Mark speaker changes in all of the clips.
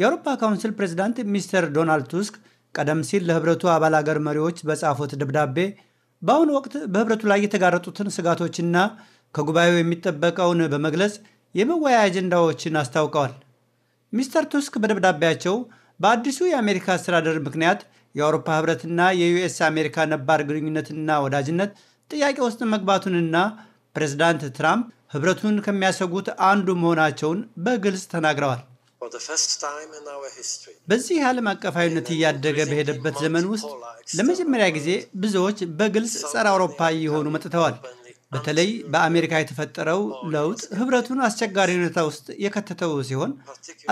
Speaker 1: የአውሮፓ ካውንስል ፕሬዚዳንት ሚስተር ዶናልድ ቱስክ ቀደም ሲል ለህብረቱ አባል አገር መሪዎች በጻፉት ደብዳቤ በአሁኑ ወቅት በህብረቱ ላይ የተጋረጡትን ስጋቶችና ከጉባኤው የሚጠበቀውን በመግለጽ የመወያያ አጀንዳዎችን አስታውቀዋል። ሚስተር ቱስክ በደብዳቤያቸው በአዲሱ የአሜሪካ አስተዳደር ምክንያት የአውሮፓ ህብረትና የዩኤስ አሜሪካ ነባር ግንኙነትና ወዳጅነት ጥያቄ ውስጥ መግባቱንና ፕሬዚዳንት ትራምፕ ህብረቱን ከሚያሰጉት አንዱ መሆናቸውን በግልጽ ተናግረዋል። በዚህ ዓለም አቀፋዊነት እያደገ በሄደበት ዘመን ውስጥ ለመጀመሪያ ጊዜ ብዙዎች በግልጽ ጸረ አውሮፓ እየሆኑ መጥተዋል። በተለይ በአሜሪካ የተፈጠረው ለውጥ ህብረቱን አስቸጋሪ ሁኔታ ውስጥ የከተተው ሲሆን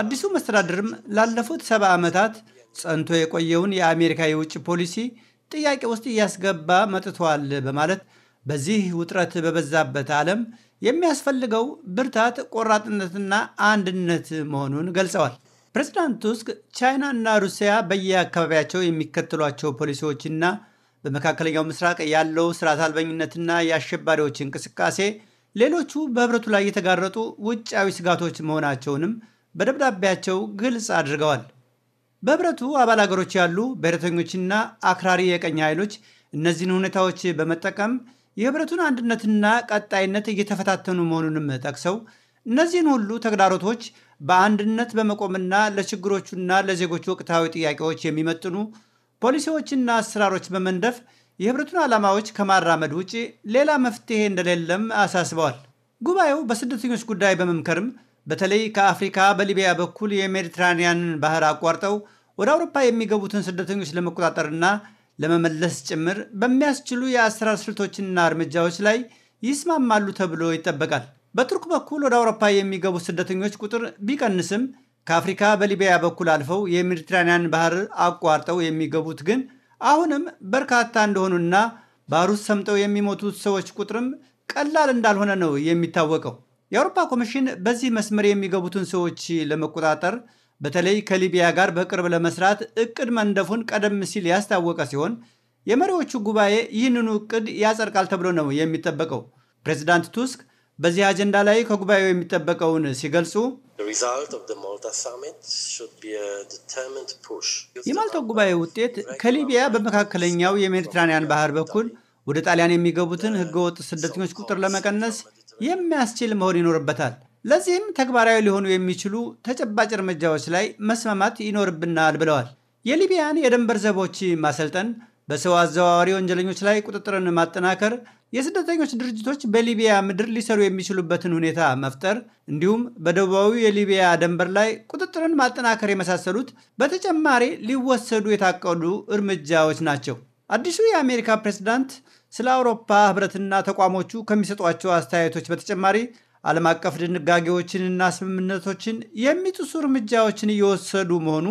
Speaker 1: አዲሱ መስተዳድርም ላለፉት ሰባ ዓመታት ጸንቶ የቆየውን የአሜሪካ የውጭ ፖሊሲ ጥያቄ ውስጥ እያስገባ መጥቷል በማለት በዚህ ውጥረት በበዛበት ዓለም የሚያስፈልገው ብርታት፣ ቆራጥነትና አንድነት መሆኑን ገልጸዋል። ፕሬዚዳንት ቱስክ ቻይናና ሩሲያ በየአካባቢያቸው የሚከተሏቸው ፖሊሲዎችና በመካከለኛው ምስራቅ ያለው ስርዓት አልበኝነትና የአሸባሪዎች እንቅስቃሴ ሌሎቹ በህብረቱ ላይ የተጋረጡ ውጫዊ ስጋቶች መሆናቸውንም በደብዳቤያቸው ግልጽ አድርገዋል። በህብረቱ አባል አገሮች ያሉ ብሔረተኞችና አክራሪ የቀኝ ኃይሎች እነዚህን ሁኔታዎች በመጠቀም የህብረቱን አንድነትና ቀጣይነት እየተፈታተኑ መሆኑንም ጠቅሰው እነዚህን ሁሉ ተግዳሮቶች በአንድነት በመቆምና ለችግሮቹና ለዜጎቹ ወቅታዊ ጥያቄዎች የሚመጥኑ ፖሊሲዎችና አሰራሮች በመንደፍ የህብረቱን ዓላማዎች ከማራመድ ውጪ ሌላ መፍትሄ እንደሌለም አሳስበዋል። ጉባኤው በስደተኞች ጉዳይ በመምከርም በተለይ ከአፍሪካ በሊቢያ በኩል የሜዲትራኒያንን ባህር አቋርጠው ወደ አውሮፓ የሚገቡትን ስደተኞች ለመቆጣጠርና ለመመለስ ጭምር በሚያስችሉ የአሰራር ስልቶችና እርምጃዎች ላይ ይስማማሉ ተብሎ ይጠበቃል። በቱርክ በኩል ወደ አውሮፓ የሚገቡ ስደተኞች ቁጥር ቢቀንስም ከአፍሪካ በሊቢያ በኩል አልፈው የሜዲትራኒያን ባህር አቋርጠው የሚገቡት ግን አሁንም በርካታ እንደሆኑና ባህር ውስጥ ሰምጠው የሚሞቱት ሰዎች ቁጥርም ቀላል እንዳልሆነ ነው የሚታወቀው። የአውሮፓ ኮሚሽን በዚህ መስመር የሚገቡትን ሰዎች ለመቆጣጠር በተለይ ከሊቢያ ጋር በቅርብ ለመስራት እቅድ መንደፉን ቀደም ሲል ያስታወቀ ሲሆን የመሪዎቹ ጉባኤ ይህንኑ እቅድ ያጸድቃል ተብሎ ነው የሚጠበቀው። ፕሬዚዳንት ቱስክ በዚህ አጀንዳ ላይ ከጉባኤው የሚጠበቀውን ሲገልጹ የማልታው ጉባኤ ውጤት ከሊቢያ በመካከለኛው የሜዲትራንያን ባህር በኩል ወደ ጣሊያን የሚገቡትን ህገወጥ ስደተኞች ቁጥር ለመቀነስ የሚያስችል መሆን ይኖርበታል። ለዚህም ተግባራዊ ሊሆኑ የሚችሉ ተጨባጭ እርምጃዎች ላይ መስማማት ይኖርብናል ብለዋል። የሊቢያን የድንበር ዘቦች ማሰልጠን፣ በሰው አዘዋዋሪ ወንጀለኞች ላይ ቁጥጥርን ማጠናከር፣ የስደተኞች ድርጅቶች በሊቢያ ምድር ሊሰሩ የሚችሉበትን ሁኔታ መፍጠር እንዲሁም በደቡባዊ የሊቢያ ድንበር ላይ ቁጥጥርን ማጠናከር የመሳሰሉት በተጨማሪ ሊወሰዱ የታቀዱ እርምጃዎች ናቸው። አዲሱ የአሜሪካ ፕሬዝዳንት ስለ አውሮፓ ህብረትና ተቋሞቹ ከሚሰጧቸው አስተያየቶች በተጨማሪ ዓለም አቀፍ ድንጋጌዎችንና ስምምነቶችን የሚጥሱ እርምጃዎችን እየወሰዱ መሆኑ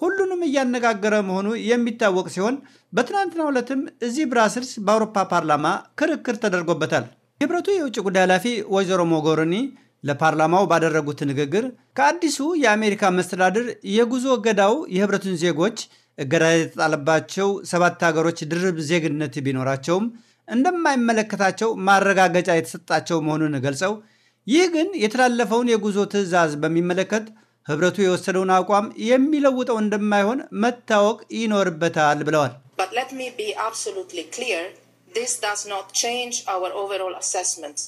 Speaker 1: ሁሉንም እያነጋገረ መሆኑ የሚታወቅ ሲሆን በትናንትናው ዕለትም እዚህ ብራስልስ በአውሮፓ ፓርላማ ክርክር ተደርጎበታል። የህብረቱ የውጭ ጉዳይ ኃላፊ ወይዘሮ ሞጎሪኒ ለፓርላማው ባደረጉት ንግግር ከአዲሱ የአሜሪካ መስተዳድር የጉዞ እገዳው የህብረቱን ዜጎች እገዳ የተጣለባቸው ሰባት ሀገሮች ድርብ ዜግነት ቢኖራቸውም እንደማይመለከታቸው ማረጋገጫ የተሰጣቸው መሆኑን ገልጸው ይህ ግን የተላለፈውን የጉዞ ትዕዛዝ በሚመለከት ህብረቱ የወሰደውን አቋም የሚለውጠው እንደማይሆን መታወቅ ይኖርበታል ብለዋል።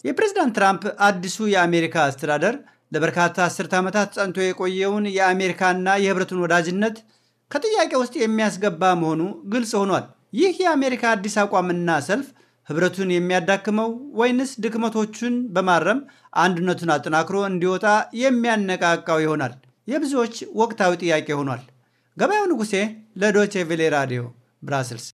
Speaker 1: የፕሬዝዳንት ትራምፕ አዲሱ የአሜሪካ አስተዳደር ለበርካታ አስርተ ዓመታት ጸንቶ የቆየውን የአሜሪካና የህብረቱን ወዳጅነት ከጥያቄ ውስጥ የሚያስገባ መሆኑ ግልጽ ሆኗል። ይህ የአሜሪካ አዲስ አቋምና ሰልፍ ህብረቱን የሚያዳክመው ወይንስ ድክመቶቹን በማረም አንድነቱን አጠናክሮ እንዲወጣ የሚያነቃቃው ይሆናል? የብዙዎች ወቅታዊ ጥያቄ ሆኗል። ገበያው ንጉሴ ለዶቼ ቬሌ ራዲዮ ብራስልስ